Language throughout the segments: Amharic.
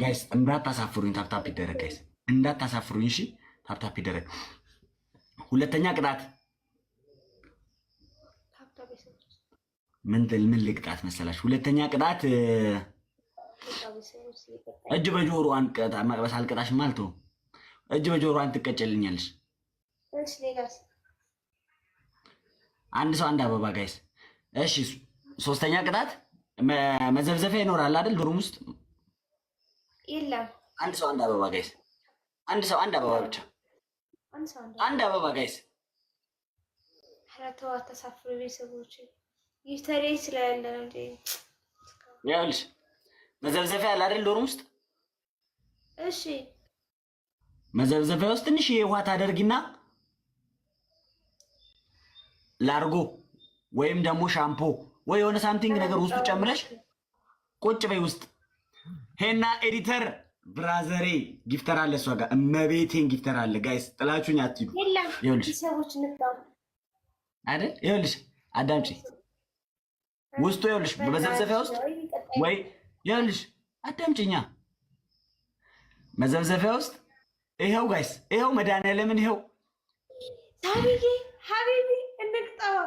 ጋይስ እንዳታሳፍሩኝ፣ ታፕታፕ ይደረግ ጋይስ፣ እንዳታሳፍሩኝ። እሺ ታፕታፕ ይደረግ። ሁለተኛ ቅጣት ምን ምን ልቅጣት መሰላችሁ? ሁለተኛ ቅጣት እጅ በጆሮ በጆሮዋን መቅበስ አልቀጣሽ ማለት ነው። እጅ በጆሮ በጆሮዋን ትቀጨልኛለች። አንድ ሰው አንድ አበባ ጋይስ። እሺ ሶስተኛ ቅጣት መዘብዘፊያ ይኖራል አይደል ዶርም ውስጥ የለም። አንድ ሰው አንድ አበባ ጋይስ፣ አንድ ሰው አንድ አበባ ብቻ፣ አንድ አበባ ጋይስ። ኧረ ተው አታሳፍሩ ቤተሰቦች። ይህ ተሬን ስላለ ነው እንጂ ይኸውልሽ መዘብዘፊያ አለ አይደል ዶርም ውስጥ። እሺ መዘብዘፊያ ውስጥ ትንሽ የውሃ ታደርጊና ላርጎ ወይም ደግሞ ሻምፖ ወይ የሆነ ሳምቲንግ ነገር ውስጡ ጨምረሽ ቁጭ በይ ውስጥ ሄና ኤዲተር ብራዘሬ ጊፍተር አለ እሷ ጋር እመቤቴን ጊፍተር አለ። ጋይስ ጥላችሁኝ አትሂዱ። አይደል ይኸውልሽ፣ አዳምጪ ውስጡ ይኸውልሽ፣ በመዘብዘፊያ ውስጥ ወይ ይኸውልሽ፣ አዳምጪኛ መዘብዘፊያ ውስጥ ይኸው ጋይስ፣ ይኸው መድኃኒዓለምን ይኸው ሳቢዬ ሀቢቢ እንቅጣው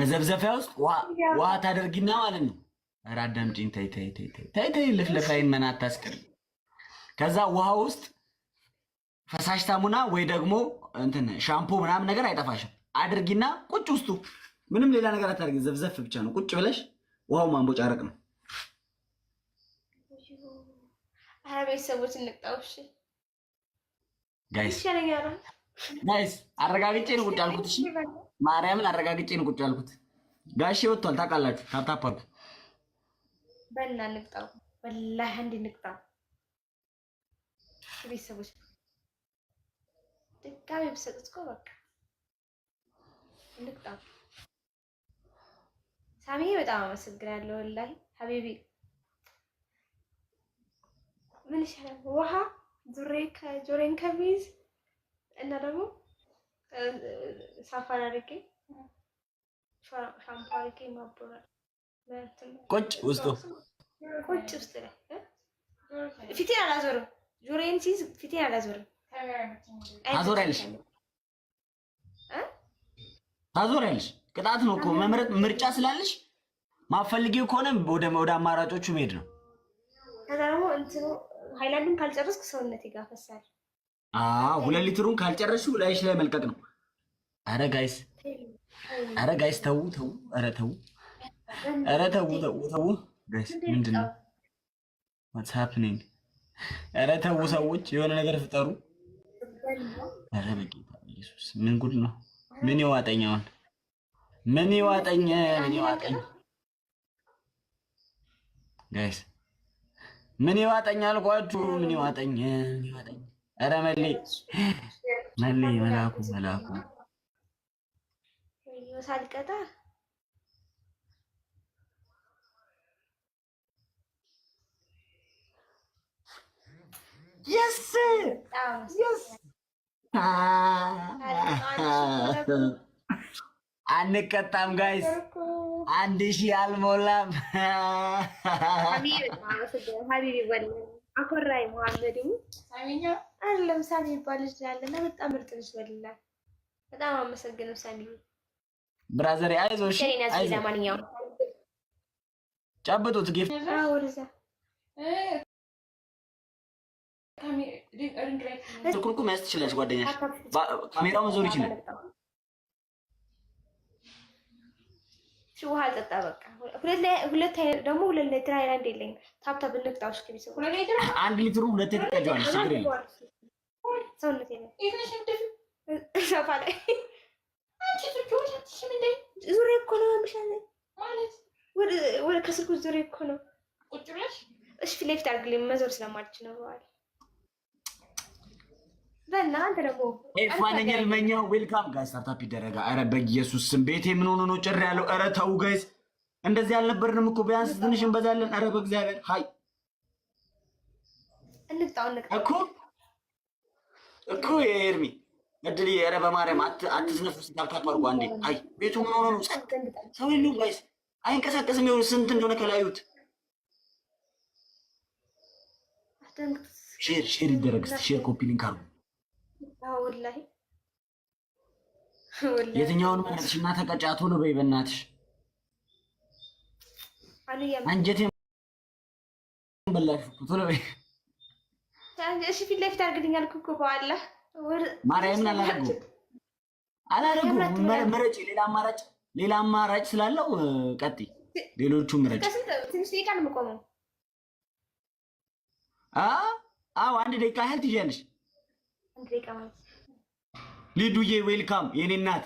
መዘብዘፊያ ውስጥ ውሃ ታደርጊና ማለት ነው ኧረ አዳምጪኝ ተይ ተይ ተይ ተይ ተይ ልፍልፋይን መና አታስቀሪ። ከዛ ውሃ ውስጥ ፈሳሽ ሳሙና ወይ ደግሞ እንትን ሻምፖ ምናምን ነገር አይጠፋሽም። አድርጊና ቁጭ ውስጡ ምንም ሌላ ነገር አታርጊ፣ ዘፍዘፍ ብቻ ነው ቁጭ ብለሽ ውሃው ማንቦ ጫረቅ ነው። ኧረ ቤተሰቦች እንቅጣው። ጋይስ ጋይስ፣ አረጋግጬ ነው ቁጭ ያልኩት። እሺ ማርያምን አረጋግጬ ነው ቁጭ ያልኩት። ጋሼ ወጥቷል ታውቃላችሁ። ታፕ ታፕ አልኩት በላ ንቅጣው፣ በላ አንድ ንቅጣው። ቤተሰቦች ድጋሜ ብሰጡት እኮ በቃ ንቅጣው። ሳሚ በጣም አመሰግናለሁ ወላሂ ሀቢቢ። ምን ይሻላል ውሃ ዙሬ ከጆሬን ከሚይዝ እና ደግሞ ሳፋን አድርጌ ሻምፓ አድርጌ ማቦራል ቁጭ ውስጡ ቁጭ ውስጥ ነው። ፊቴን አላዞርም። ጆሮዬን ሲይዝ ፊቴን አላዞርም። ታዞሪያለሽ ታዞሪያለሽ። ቅጣት ነው እኮ መምረጥ ምርጫ ስላለሽ ማፈልጊው ከሆነ ወደ ወደ አማራጮቹ መሄድ ነው። ከዛ ደግሞ እንትኑ ሃይላንዱን ካልጨረስክ ሰውነቴ ጋር ፈሳል። አዎ ሁለት ሊትሩን ካልጨረሱ ላይሽ ላይ መልቀቅ ነው። አረ ጋይስ፣ አረ ጋይስ፣ ተው ተው፣ አረ ተው ኧረ ተው ተው ተው ጋይስ፣ ምንድን ነው ዋትስ ሃፕኒንግ? ኧረ ተው ሰዎች፣ የሆነ ነገር ፍጠሩ። ኧረ በጌታ ኢየሱስ ምን ጉድ ነው? ምን ይዋጠኝ አሁን? ምን ይዋጠኝ? ምን ይዋጠኝ ጋይስ፣ ምን ይዋጠኝ አልኳችሁ። ምን ይዋጠኝ? ምን ይዋጠኝ? ኧረ መሌ መሌ መላኩ መላኩ ሳልቀጣ የስ የስ አንቀጣም ጋይስ፣ አንድ ሺ አልሞላም። አኮራይ መሐመድ ሳሚኛ አለም ሳሚ የሚባል ልጅ በጣም ምርጥ በጣም አመሰግነው ሳሚ ብራዘር፣ አይዞሽ። ለማንኛውም ጨብጡት ትኩርኩ መያዝ ትችላለች። ጓደኛሽ ካሜራው መዞር ይችላል። ውሃ አልጠጣ በቃ ሁለት ደግሞ ሁለት ሃይላንድ ታብታብ አንድ ሊትሩ ሁለት ችግር የለም ዙሬ እኮ ነው ምሻለ ወደ ከስልኩ ዙሬ እኮ ነው። እሺ ፊት ለፊት አድርግልኝ መዞር ስለማልችል ነው በኋላ በእናንተ ዌልካም ጋይ ስታርታፕ ይደረጋ። ኧረ በኢየሱስ ስም ቤቴ ምን ሆኖ ነው ጭር ያለው? ኧረ ተው ጋይስ፣ እንደዚህ አልነበርንም እኮ ቢያንስ ትንሽ እንበዛለን። ኧረ በእግዚአብሔር ሀይ እኮ እኮ የኤርሚ እድል ኧረ በማርያም አድርጎ አንዴ። አይ ቤቱ ምን ሆኖ ነው? ሰው የለውም ጋይስ፣ አይንቀሳቀስም። የሆነ ስንት እንደሆነ ከላዩት ሼር ሼር ይደረግ። ሼር ኮፒ ሊንክ አድርጉ ወላሂ የትኛውን መረጥሽ? እና ተቀጫ ቶሎ በይ በእናትሽ። አንጀቴን በላሽ እኮ ቶሎ በይ። እሺ ፊት ለፊት አድርግልኝ አልኩህ እኮ በኋላ ማርያምን አላደረጉም አላደረጉም። መረጭ፣ ሌላ አማራጭ ሌላ አማራጭ ስላለው ቀጥይ። ሌሎቹ ምረጭ። ትንሽ ደቂቃ ነው የምቆመው። አዎ አንድ ደቂቃ ያህል ትይዣለሽ ሊዱዬ ዌልካም የኔ እናት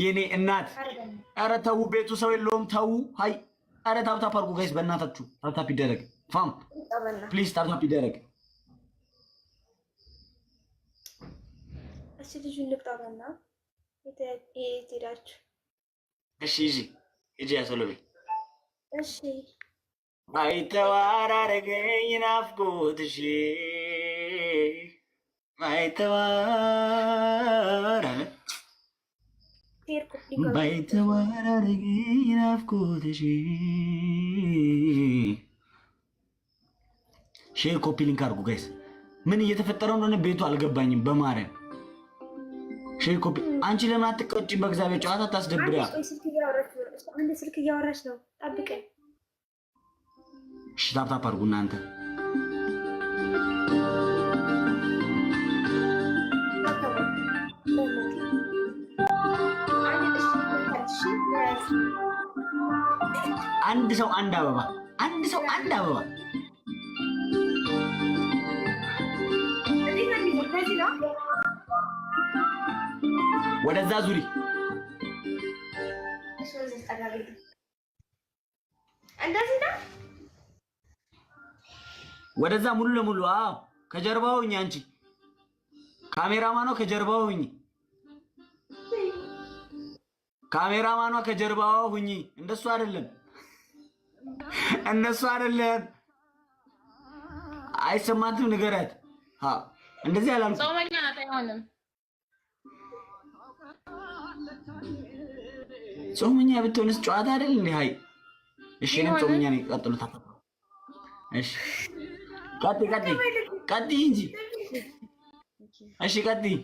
የኔ እናት። ኧረ ተው፣ ቤቱ ሰው የለውም ተው። ሀይ ኧረ ታፕታፕ አድርጉ ጋይስ፣ በእናታችሁ ታፕታፕ ይደረግ። ፋም ፕሊዝ ታፕታፕ ይደረግ። እሺ ልጁን ልቅጣውና የትሄዳችሁ? እሺ ይዤ ሂጂ ያሰለቤ እሺ አይተዋራረገኝ ናፍቆትሽ ባይተዋር አለ ናፍቆትሽ ሼር ኮፒ ሊንክ አድርጉ ጋይስ። ምን እየተፈጠረው እንደሆነ ቤቱ አልገባኝም። በማርያም ሼር ኮፒ። አንቺ ለምን አትቀጭ? በእግዚአብሔር ጨዋታ ታስደብሪያ። አንድ ስልክ እያወራች ነው። ጠብቀኝ። እሺ ታፕታፕ አድርጉ እናንተ አንድ ሰው አንድ አበባ፣ አንድ ሰው አንድ አበባ። ወደዛ ዙሪ። ወደዛ ሙሉ ለሙሉ አዎ፣ ከጀርባው ሁኚ። አንቺ ካሜራማኗ ከጀርባው ሁኚ። ካሜራማኗ ከጀርባው ሁኚ። እንደሱ አይደለም እነሱ አይደለም አይሰማትም። ንገረት እንደዚህ አላልኩም። ጾመኛ ናት። አይሆንም። ጾመኛ ብትሆንስ ጨዋታ አይደል እንዴ? ሀይ እሺ፣ እኔም ጾመኛ ነኝ። ቀጥሉ። እሺ፣ ቀጥይ ቀጥይ ቀጥይ እንጂ እሺ፣ ቀጥይ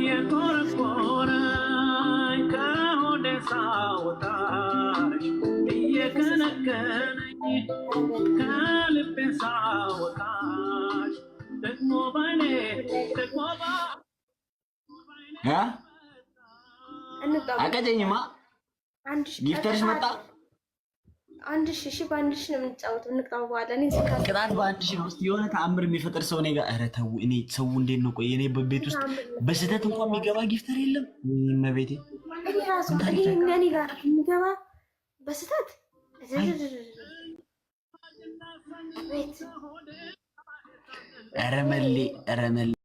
እየኮረኮረኝ ከሆዴ ሳወጣሽ እየከነከነኝ ከልቤ ሳወጣሽ አቀጨኝማ ጊፍተርሽ መጣ አንድ ሺ ሺ በአንድ ሺ ነው የምንጫወተው፣ እንቀባበዋለን። ቅጣት በአንድ ሺ ነው። የሆነ ተአምር የሚፈጥር ሰው እኔ ጋር ኧረ ተው። እኔ ሰው እንዴት ነው ቆይ፣ እኔ በቤት ውስጥ በስህተት እንኳን የሚገባ ጊፍተር የለም። መቤቴ እኔ ጋር የሚገባ በስህተት ኧረ መሌ ኧረ መሌ